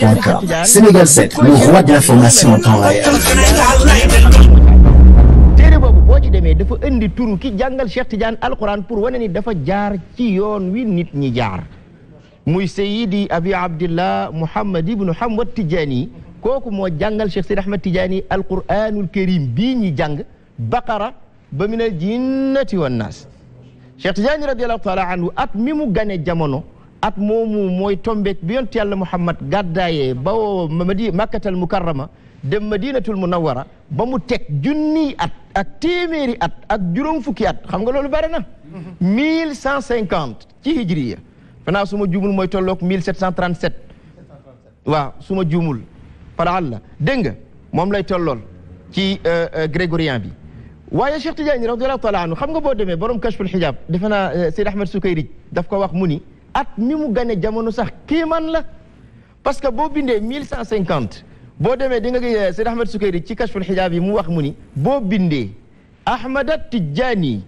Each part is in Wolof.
D'accord. Sénégal 7, le roi de l'information en temps réel. téere boobu boo ci demee dafa indi turu ki jàngal Cheikh Tidiane alquran pour wane ni dafa jaar ci yoon wi nit ñi jaar muy Seyidi Abi Abdillah Muhammad ibnu Hamad Tidjani kooku moo jàngal Cheikh Sidi Ahmad Tidjani alquranul karim bii ñi jàng baqara ba minal jinnati wan naas Cheikh Tidiane radiallahu taala anhu at mi mu gane jamono at moomu mooy tombeek bi yonent yàlla Muhammad gàddaayee ba madi makkatal mukarrama dem madinatul munawwara ba mu teg junniy at ak téeméeri at ak juróom fukki at xam nga loolu bëri na. mille cent cinquante ci hijriya fanaa su ma juumul mooy tolloog mille sept cent trente sept. waaw su ma juumul. falaalla dégg nga moom lay tollool ci euh, euh, grégorien bi waaye Cheikh Tidiane radiyallahu taala anhu xam nga boo demee borom kashful xijaab defe naa euh, Seyd Ahmed Sukayrij daf ko wax mu ni. at mi mu gane jamono sax man la parce que boo bindee mille cent cinquante boo demee di nga eh, Seydi Ahmed Sukayri ci kashful xijaab yi mu wax mu ni boo bindee Ahmada Tijjaani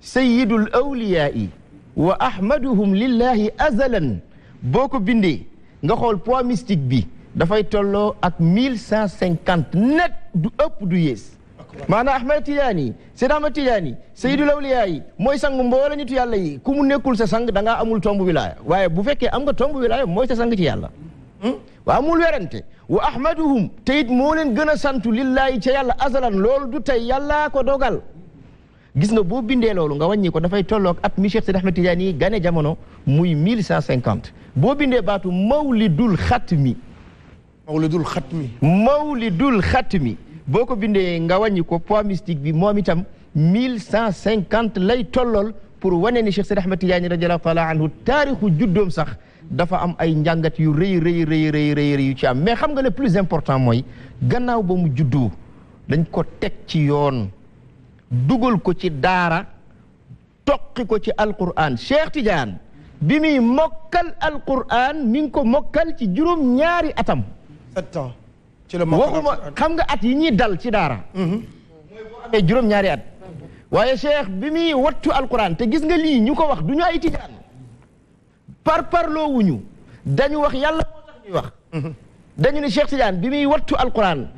sayyidul awliyaa'i wa ahmaduhum lillahi azalan boo ko bindee nga xool poids mystique bi dafay tolloo ak mille cent cinquante net du ëpp du yées maanaam Ahmed Tidiane yi Seyd Ahmed Tidiane yi Seydul Awliyaa yi mooy sang mboole nitu yàlla yi ku mu nekkul sa sang da amul tomb wilaaya waaye bu fekkee am nga tomb wilaaya mooy sa sang ci yàlla hmm? waa amul werante wa ahmaduhum te it moo leen gën a santu lillaahi ci yàlla azalan loolu du tey yàllaa ko dogal gis nga boo bindee loolu nga wàññi ko dafay tollook at mi Cheikh Seydi Ahmed Tidiane yi gane jamono muy mille cent cinquante boo bindee baatu mawlidul xatmi mawlidul xatmi mawlidul xatmi boo ko bindee nga wàññi ko poids mystique bi moom itam mille cent cinquante lay tollol pour wane ni Cheikh Sidi Ahmad Tidiane radiallahu taala anhu taarixu juddoom sax dafa am ay njàngat yu rëy rëy rëy rëy rëy yu ci am mais xam nga le plus important mooy gannaaw ba mu juddu dañ ko teg ci yoon dugal ko ci daara toqi ko ci alquran Cheikh Tidiane bi muy mokkal alquran mi ngi ko mokkal ci juróom ñaari atam. sept ci la xam nga at yi ñuy dal ci daara. Mhm. mooy juróom-ñaari at. waaye cheikh bi muy wattu alquran te gis nga lii ñu ko wax du ñu ay tijaan par parloo wuñu dañu wax yàlla wax. Mhm. dañu ne cheikh bi muy wattu alquran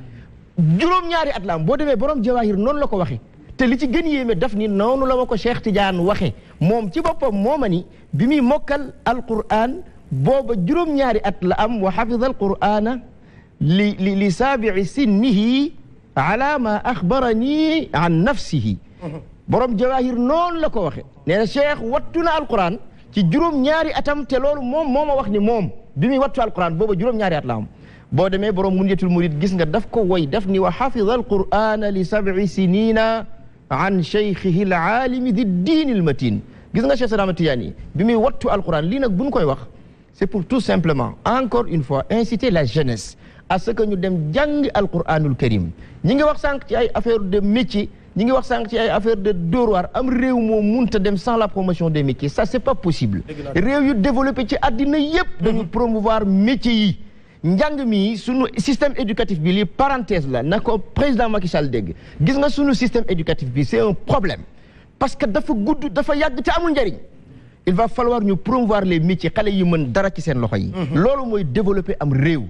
juróom-ñaari at la boo demee borom jawahir noonu la ko waxee. te li ci gën yéeme daf ni noonu la ma ko Cheikh Tidiane waxe moom ci boppam mooma ni bi muy mokkal alquran booba juróom-ñaari at la am wa xafida alqurana li li li saabici sinnihi ala ma axbarani an nafsihi borom jawaahir noonu la ko waxe nee na cheikh wattu na alquran ci juróom-ñaari atam te loolu moom moo ma wax ni moom bi muy wattu alquran booba juróom-ñaari at la boo demee borom munyatul murid gis nga daf ko woy daf ni wa xafida alqurana li sabci sinina an cheikhihi alaalimi di diini almatin gis nga cheikh Sadama Tijaani bi muy wattu alquran lii nag buñ koy wax c'est pour tout simplement encore une fois inciter la jeunesse à ce que ñu dem jàngi alquranul karim ñi ngi wax sànq ci ay affaire de métier ñi ngi wax sànq ci ay affaire de dóorwaar am réew moo munta dem sans la promotion des métiers ça c'est pas possible réew yu développé ci àddina yépp dañu promouvoir métier yi njàng mi sunu système éducatif bi lii parenthèse la na ko président Macky Sall dégg gis nga sunu système éducatif bi c'est un problème parce que dafa gudd dafa yàgg te amul njariñ il va falloir ñu promouvoir les métiers xale yu mën dara ci seen loxo yi mhm. loolu mooy développer am réew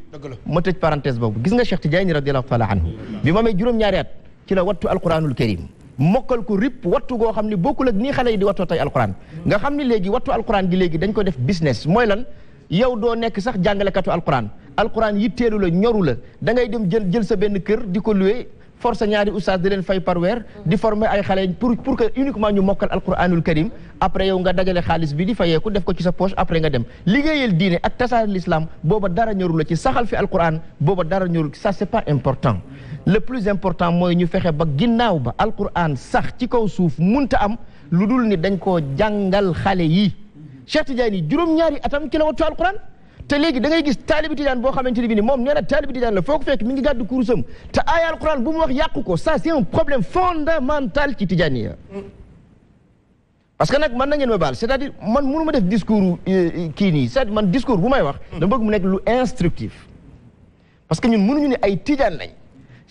ma tëj parenthèse boobu gis nga Cheikh Tidiane radiallahu taala anhu bi ma amee juróom-ñaari at ci la wattu alquranul karim mokkal ko rip wattu goo xam ne bokkul ak nii xale yi di wattoo tey alquran nga xam ni léegi wattu alquran gi léegi dañ ko def business mooy lan yow doo nekk sax jàngalekatu alquran alquran yitteelu la ñoru la dangay ngay dem jël jël sa benn kër di ko loué force ñaari oustaz di leen fay par weer di former ay xale pour pour que uniquement ñu mokkal alquranul karim après yow nga dajale xaalis bi di fayeeku def ko ci sa poche après nga dem liggéeyal diine ak tasaare l'islam booba dara ñorul la ci saxal fi alquran booba dara ñorul ça c'est pas important le plus important mooy ñu fexe ba ginnaaw ba alquran sax ci kaw suuf munta am lu dul ni dañ koo jàngal xale yi Cheikh Tidiane juróom-ñaari atam ci la wattu alquran te léegi da ngay gis taalibi tijaan boo xamante ne bi ni moom nee na taalibi tijaan la foo ko fekk mi ngi gàddu kurusam te aaya alquran bu mu wax yàqu ko ça c'est un problème fondamental ci tijaaniya parce que nag man na ngeen ma baal c'est-à-dire man mënu ma def discours kii nii c'est-à-dire man discours bu may wax hmm. dama bëgg mu nekk lu instructif parce que ñun mënuñu ne ay tijaan lañ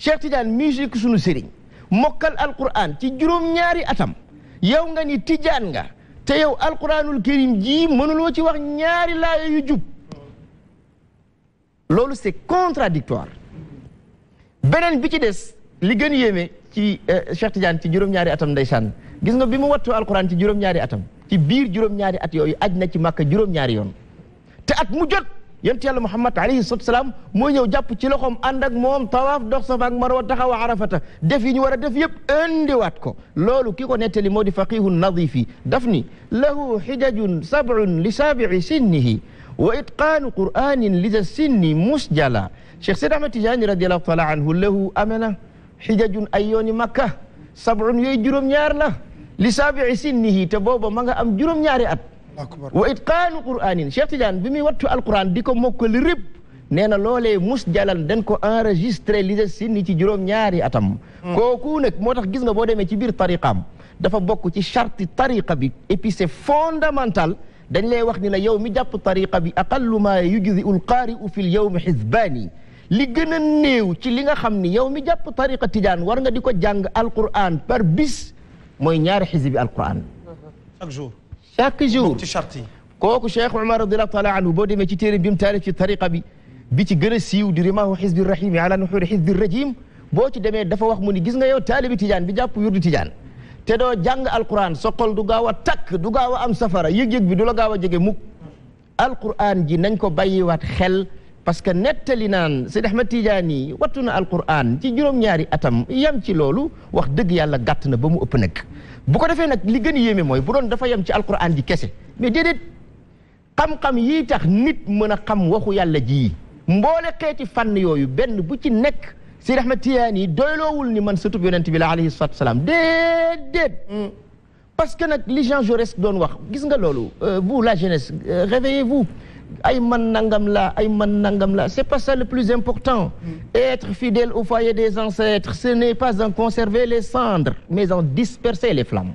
Cheikh Tidiane musique suñu sëriñ mokkal alquran ci juróom-ñaari atam yow nga ni tijaan nga te yow alquranul karim ji mënuloo ci wax ñaari laaya yu jub loolu c'est contradictoire beneen bi ci des li gën yéeme ci euh, Cheikh Tidiane ci juróom-ñaari atam ndeysaan gis nga bi mu wattu alquran ci juróom-ñaari atam ci biir juróom-ñaari at yooyu aj na ci màkka juróom-ñaari yoon te at mu jot yonent yàlla Muhammad alayhi salaatu salaam mooy ñëw jàpp ci loxoom ànd ak moom tawaaf dox safa ak marwa taxaw arafata def yi ñu war a def yëpp indiwaat ko loolu ki ko nettali moo di faqihu nadifi daf ni lahu xijajun sabrun li saabi'i sinnihi wa itqaanu qur'aanin liza sinni musjala Cheikh Seydi Ahmed Tijaani radiyallahu taala anhu lahu amana xijajun ay yooni makka sab'un yooyu juróom-ñaar la li saabi'i sinnihi te booba ma nga am juróom-ñaari at wa itqaanu qur'aanin Cheikh Tidiane bi muy wattu alquran di ko mokkali rëbb nee na loole mus jalal dañ ko enregistré li des sinni ci juróom-ñaari atam kooku nag moo tax gis nga boo demee ci biir tariqaam dafa bokk ci charte tariqa bi et puis c'est dañ lay wax ni la yow mi jàpp tariqa bi aqallu maa yujzi ul qaari'u fi l yawmi xisbaani li gën a néew ci li nga xam ni yow mi jàpp tariqa tijan war nga di ko jàng alquran par bis mooy ñaari xisbi alquran chaque jour chaque jour ci charte yi kooku cheikh omar radiallahu taala anhu boo demee ci téere bi mu taarif ci tariqa bi bi a siiw di rimaahu xisbi rahimi boo ci demee dafa wax mu ni gis nga yow taalibi tijaan bi jàpp yurdu tijan te doo jàng alquran sa xol du gaaw a takk du gaaw a am safara yëg-yëg bi du la gaaw a jege mukk alquran ji nañ ko bàyyiwaat xel parce que nettali naan Seydi Ahmad Tijaani yi wattu na alquran ci juróom-ñaari atam yam ci loolu wax dëgg yàlla gàtt na ba mu ëpp nag bu ko defee nag li gën a yéeme mooy bu doon dafa yem ci alquran ji kese mais déedéet xam-xam yii tax nit mën a xam waxu yàlla ji mboole xeeti fànn yooyu benn bu ci nekk Sidi Ahmed Tijaan yi doyloowul ni man sëtub yonent bi la alayhi salaatu salaam déedéet hmm. parce que nag li doon wax gis nga loolu euh, vous la jeunesse euh, réveillez-vous ay man nangam la ay man nangam la c'est pas ça le plus important hmm. être fidèle au foyer des ancêtres ce n'est pas en conserver les cendres mais en disperser les flammes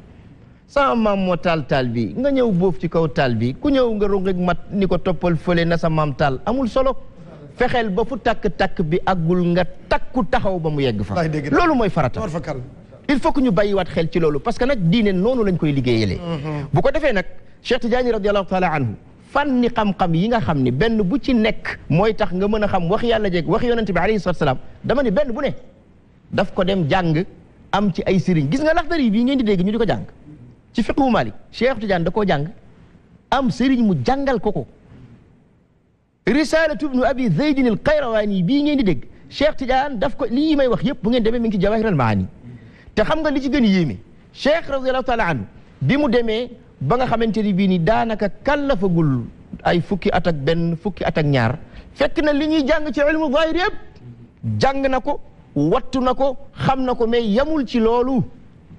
sama maam moo taal taal bi nga ñëw boof ci kaw taal bi ku ñëw nga rong rek mat ni ko toppal fële na sa maam taal amul solo fexeel ba fu takk-takk bi àggul nga takku taxaw ba mu yegg fa loolu mooy farata il faut que ñu bàyyiwaat xel ci loolu parce que nag diine noonu lañ koy liggéeyalee mhm. bu ko defee nag Cheikh Tidiane radiallahu taala anhu fànni xam-xam yi nga xam ni benn bu ci nekk mooy tax nga mën a xam wax yàlla jeg wax yonente bi alayhi salatu salaam dama ni benn bu ne daf ko dem jàng am ci ay sëriñ gis nga laxdari bii ngeen di dégg ñu di ko jàng ci fiqhu Malik Cheikh Tidiane da koo jàng am sëriñ mu jàngal ko ko risalatu ibnu abi zeydin al qayrawaani bii ngeen di dégg Cheikh Tidiane daf ko lii may wax yëpp bu ngeen demee mi ngi ci jawahir al maani te xam nga li ci gën a yéeme Cheikh radiallahu taala anhu bi mu demee ba nga xamante ni bii ni daanaka kàllafagul ay fukki at ak benn fukki at ak ñaar fekk na li ñuy jàng ci ilmu zahir yëpp jàng na ko wattu na ko xam na ko mais yamul ci loolu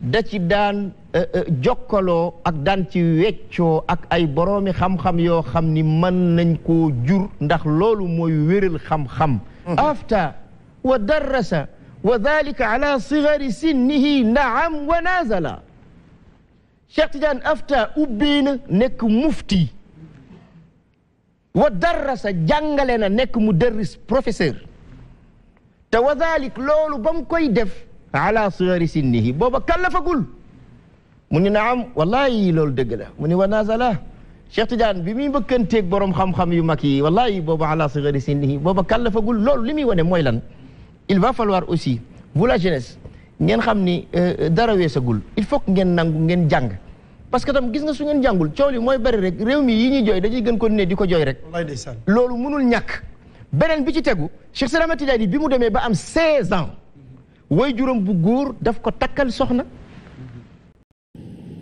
da ci daan eh, eh, jokkaloo ak daan ci weccoo ak ay boroomi xam-xam yoo xam ni mën nañ koo jur ndax loolu mooy wéral xam-xam mhm. afta wa darrasa wa dalika ala sigari sinnihi naam wa nazala Cheikh Tidiane afta ubbee nekk mufti wa darrasa jàngale na nekk mudarris professeur te wa dalik loolu ba koy def ala sigari sinnihi booba kallafagul mu ni naam wallahi loolu dëgg la mu ni wa nazala Cheikh Tidiane bi muy mbëkkanteeg borom xam-xam yu mag yi wallahi booba ala sigari sinnihi booba kallafagul loolu li muy wane mooy lan il va falloir aussi vous la jeunesse ngeen xam ni dara weesagul il faut que ngeen nangu ngeen jàng parce que tam gis nga su ngeen jàngul coow li mooy bari rek réew mi yi ñuy jooy dañuy gën ko ne di ko joy rek loolu munul ñàkk beneen bi ci tegu Cheikh Salama Tidiane bi mu demee ba am 16 ans way juróom bu góor daf ko takkal soxna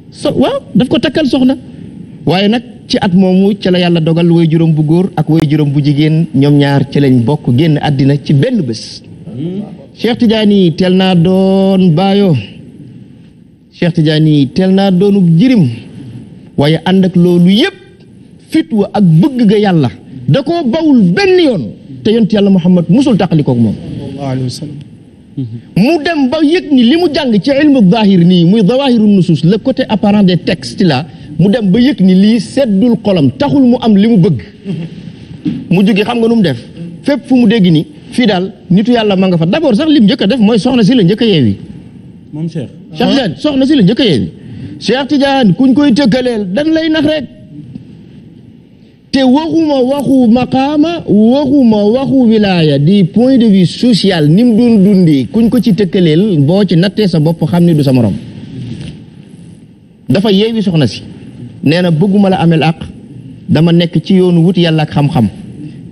so waaw daf ko takkal soxna waaye nag ci at moomu ci yàlla dogal way juróom bu góor ak way juróom bu jigéen ñoom ñaar ci lañ bokk génn àddina ci benn bés Cheikh Tidiane teel naa doon baayoo Cheikh Tidiane teel naa doonub jirim waaye ànd ak loolu yépp fit wa ak bëgg yàlla da koo bawul benn yoon te yont yàlla Muhammad musul tàqali moom mu dem ba yëg ni li mu jàng ci ilmu zahir nii muy zawahiru la le côté apparent des textes la mu dem ba yëg ni lii seddul xolam taxul mu am li mu bëgg mu jóge xam nga nu mu def fépp fu mu dégg ni fii daal nitu yàlla ma nga fa d'abord sax li mu njëkk def mooy soxna si la njëkk a yeewi moom Cheikh soxna si la njëkk a yeewi Cheikh Tidiane kuñ koy tëkkaleel dan lay nax rek te waxuma waxu maqaama waxuma waxu wilaaya di point de vie social ni mu doon dundee kuñ ko ci tëkkaleel boo ci nattee sa bopp xam ni du sa morom dafa yeewi soxna si nee na bëgguma la ameel àq dama nekk ci yoonu wut yàlla ak xam-xam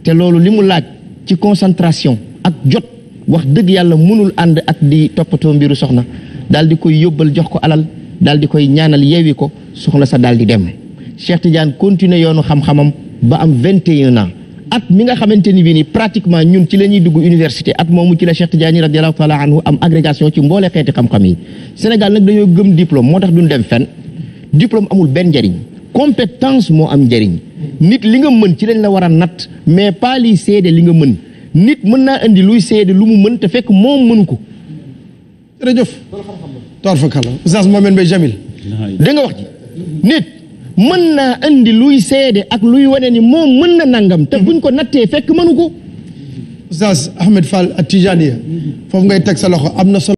te loolu li mu laaj ci concentration ak jot wax dëgg yàlla mënul ànd ak di toppatoo mbiru soxna daal di koy yóbbal jox ko alal daal di koy ñaanal yeewi ko soxna sa daal di dem Cheikh Tidiane continuer yoonu xam-xamam ba am 21 ans at mi nga xamante ni bii nii pratiquement ñun ci la ñuy dugg université at moomu ci la Cheikh Tidiane radiallahu taala anhu am agrégation ci mboole xeeti xam-xam yi Sénégal nag dañoo gëm diplôme moo tax duñ dem fenn diplôme amul benn njëriñ compétence moo am njëriñ nit li nga mën ci lañ la war a natt mais pas liy seede li nga mën nit mën naa indi luy seede lu mu mën te fekk moom mënu ko. jërëjëf. toor fa kala wax ji nit. mën naa indi luy seede ak luy wane ni moom mën na nangam te buñ ko nattee fekk mënu ko Oustaz Ahmed Fall at Tijaniya foofu ngay teg sa loxo am na solo